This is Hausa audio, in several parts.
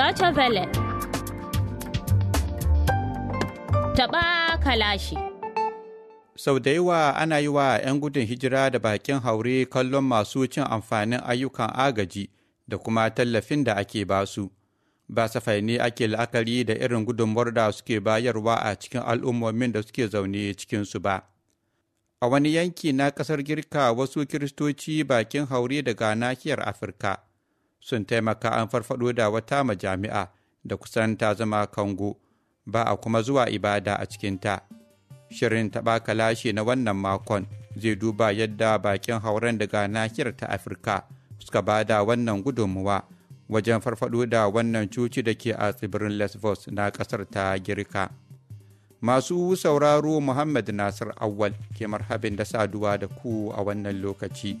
Deutsche Welle. Taɓa kalashi. Sau da yawa ana yi wa 'yan gudun hijira da bakin haure kallon masu cin amfanin ayyukan agaji da kuma tallafin da ake basu. Ba safai ne ake la'akari da irin gudunmuwar da suke bayarwa a cikin al'ummomin da suke zaune cikinsu ba. A wani yanki na ƙasar Girka wasu Kiristoci bakin haure daga nahiyar Afirka. sun taimaka an farfado da wata majami'a da kusan ta zama kango ba a kuma zuwa ibada a cikinta shirin taɓa-kalashi na wannan makon zai duba yadda bakin hauren daga nahiyar ta afirka suka ba da wannan gudunmuwa wajen farfado da wannan cuci da ke a tsibirin lesbos na ƙasar ta girka masu sauraro muhammad nasir awal ke marhabin da saduwa da ku a wannan lokaci.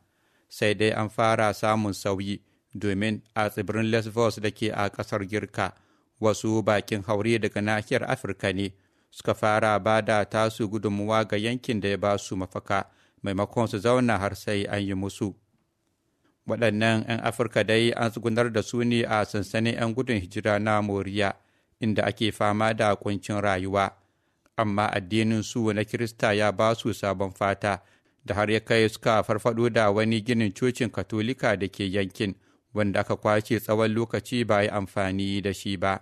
sai dai an fara samun sauyi domin a tsibirin lesbos da ke a ƙasar girka wasu bakin haure daga nahiyar afirka ne suka fara ba da tasu gudunmuwa ga yankin da ya ba su mafaka maimakon su zauna har sai an yi musu waɗannan 'yan afirka dai an tsugunar da su ne a sansanin 'yan gudun hijira na moriya inda ake fama da kuncin rayuwa amma addinin su na kirista ya ba su sabon fata da har ya kai suka farfado da wani ginin cocin katolika da ke yankin wanda aka kwace tsawon lokaci ba yi amfani da shi ba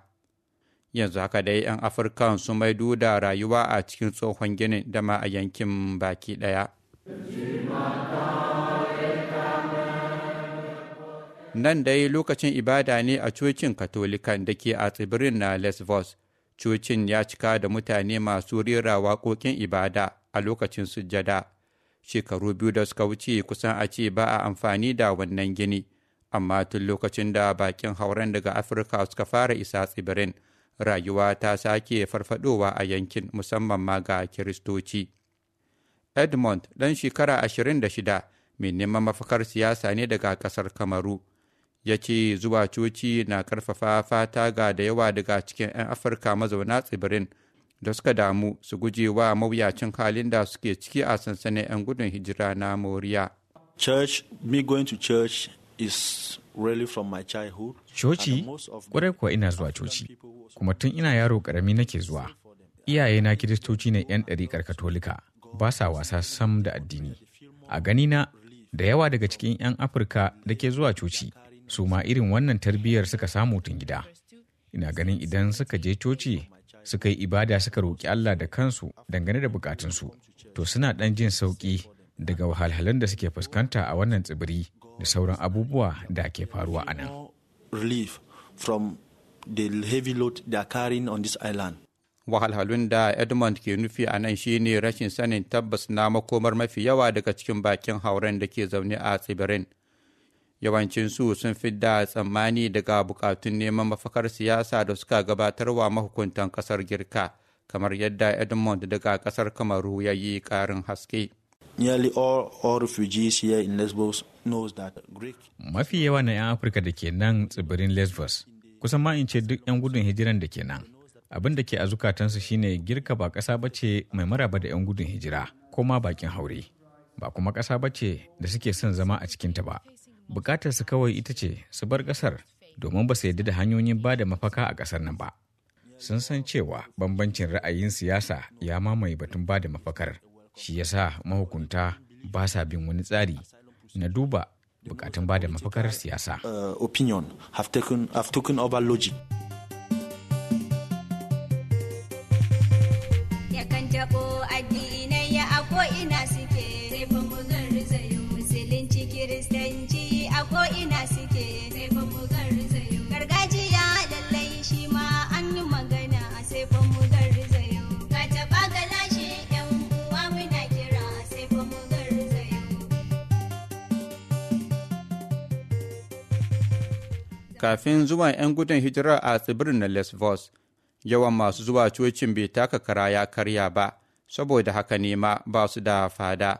yanzu haka dai 'yan afirkan sun maido da rayuwa a cikin tsohon ginin da ma a yankin baki ɗaya. nan dai lokacin ibada ne a cocin katolikan da ke a tsibirin na lesbos cocin ya cika da mutane masu rera waƙoƙin ibada a lokacin sujjada shekaru biyu da suka wuce kusan a ce ba a amfani da wannan gini amma tun lokacin da bakin hauren daga afirka suka fara isa tsibirin rayuwa ta sake farfadowa a yankin musamman ma ga kiristoci edmond ɗan shekara 26 mai neman mafakar siyasa ne daga ƙasar kamaru ya ce zuwa coci na karfafa fata ga da yawa daga cikin 'yan afirka mazauna tsibirin da suka damu su guje wa mawuyacin halin da suke ciki a sansanin 'yan gudun hijira na moriya church me going to church is really from my childhood coci kwarai kuwa ina zuwa coci kuma tun ina yaro karami nake zuwa iyayena kiristoci na 'yan ɗariƙar katolika ba sa wasa sam da addini a ganina da yawa daga cikin 'yan afirka da ke zuwa coci su ma irin wannan tarbiyyar suka samu tun gida ina ganin idan suka je coci suka yi ibada suka roƙi Allah da kansu dangane da bukatunsu to suna ɗan jin sauƙi daga wahalhalun da suke fuskanta a wannan tsibiri da sauran abubuwa da ke faruwa a nan. Wahalhalun da Edmund ke nufi a nan shi ne rashin sanin tabbas na makomar mafi yawa daga cikin bakin hauren da ke zaune a tsibirin. yawancinsu sun fi da tsammani daga bukatun neman mafakar siyasa da suka gabatarwa mahukuntan kasar girka kamar yadda edmond daga kasar kamaru ya yi karin haske Nearly all, Mafi yawa na 'yan Afirka da ke nan tsibirin Lesbos, kusan ma in ce duk 'yan gudun hijiran da ke nan. Abin da ke a zukatansu shine girka ba ƙasa ba ce mai maraba da 'yan gudun hijira ko ma bakin haure, ba kuma ƙasa ba ce da suke son zama a cikinta ba. bukatar su kawai ita ce su bar ƙasar domin ba su yadda da hanyoyin ba da mafaka a ƙasar nan ba sun san cewa bambancin ra'ayin siyasa ya mamaye batun ba da mafakar shi ya sa mahukunta ba sa bin wani tsari na duba bukatun ba da mafakar siyasa. Uh, opinion have taken, have ko ina suke sai fa mu garzayo gargajiya lallai shi ma an yi magana sai fa mu garzayo ka taba galashi yan uwa muna kira sai fa mu garzayo kafin zuwa yan gudun hijira a tsibirin na lesbos yawan masu zuwa cocin bai taka kara ya karya ba saboda haka ne ma ba su da fada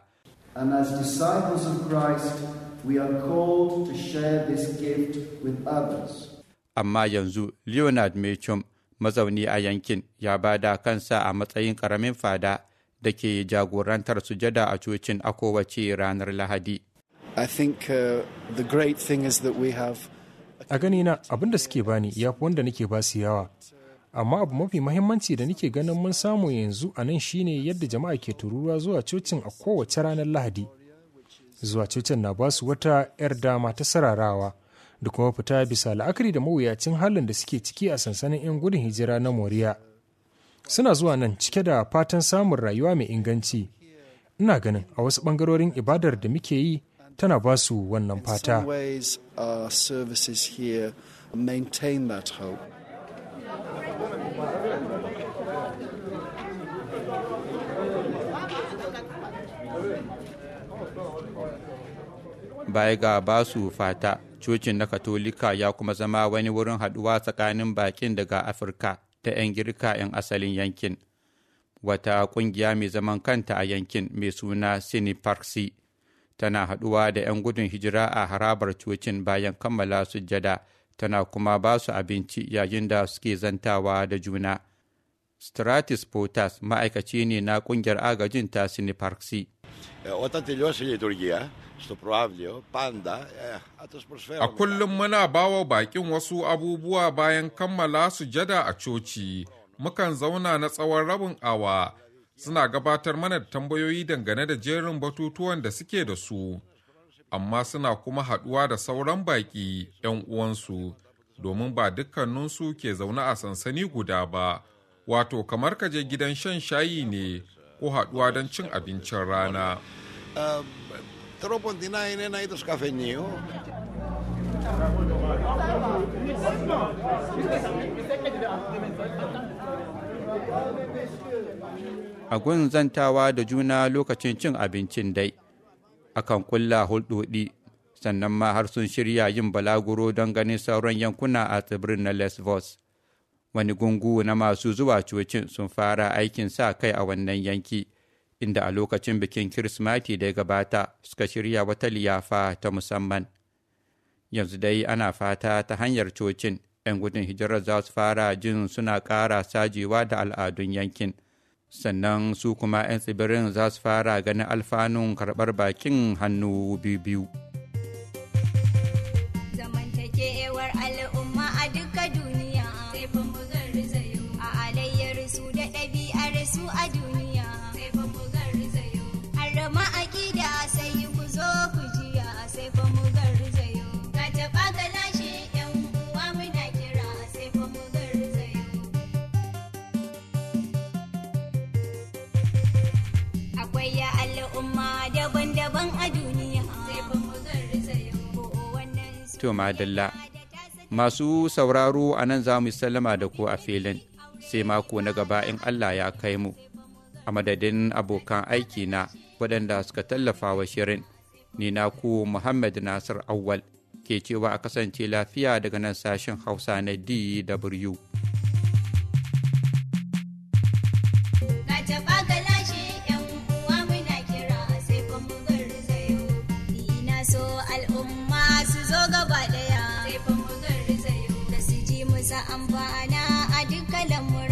Amma yanzu Leonard Mechum mazauni a yankin ya bada kansa a matsayin karamin fada da ke jagorantar sujada a cocin a kowace ranar Lahadi. I think uh, the great thing is that we have a ganina abin da suke bani ya fi wanda nake basu yawa amma abu mafi mahimmanci da nake ganin mun samu yanzu a nan shine yadda jama'a ke tururuwa zuwa cocin a kowace ranar lahadi zuwa cocin na basu wata 'yar dama ta sararawa da kuma fita bisa la'akari da mawuyacin halin da suke ciki a sansanin 'yan gudun hijira na moriya suna zuwa nan cike da fatan samun rayuwa mai inganci ina ganin a wasu ɓangarorin ibadar da muke yi tana ba su wannan fata. baya ga basu fata cocin na katolika ya kuma zama wani wurin haɗuwa tsakanin bakin daga afirka ta 'yan girka 'yan asalin yankin wata ƙungiya mai zaman kanta a yankin mai suna parksi tana haɗuwa da 'yan gudun hijira a harabar cocin bayan kammala sujjada tana kuma ba su abinci yayin da suke zantawa da juna stratus potas ma'aikaci ne na ƙungiyar agajin ta parksi όταν τελειώσει η λειτουργία στο προάβλιο πάντα ε, A kullum muna bawa baƙin wasu abubuwa bayan kammala sujada a coci. Mukan zauna na tsawon rabin awa suna gabatar mana da tambayoyi dangane da jerin batutuwan da suke da su. Amma suna kuma haɗuwa da sauran baƙi 'yan uwansu domin ba dukkaninsu ke zaune a sansani guda ba. Wato kamar ka je gidan shan shayi ne ko haɗuwa don cin abincin rana. A gun zantawa da juna lokacin cin abincin dai, akan kulla hulɗoɗi, sannan ma har sun shirya yin balaguro don ganin sauran yankuna a tsibirin na Lesbos. wani gungu na masu zuwa cocin sun fara aikin sa kai a wannan yanki inda a lokacin bikin Kirismati da ya gabata suka shirya wata liyafa ta musamman yanzu dai ana fata ta hanyar cocin 'yan gudun hijirar za su fara jin suna ƙara sajewa da al'adun yankin sannan su kuma 'yan tsibirin za su fara ganin alfanun karɓar bakin hannu biyu-biyu. su a duniya sai ku zo ku jiya sai mu to madalla masu sauraro a nan za mu sallama da ku a filin sai mako na gaba in Allah ya kai mu. A madadin abokan aiki na waɗanda suka tallafa wa shirin, ni na ku Muhammad Nasir Awwal ke cewa a kasance lafiya daga nan sashen Hausa na DW. al'umma su zo gaba ji musa amfani column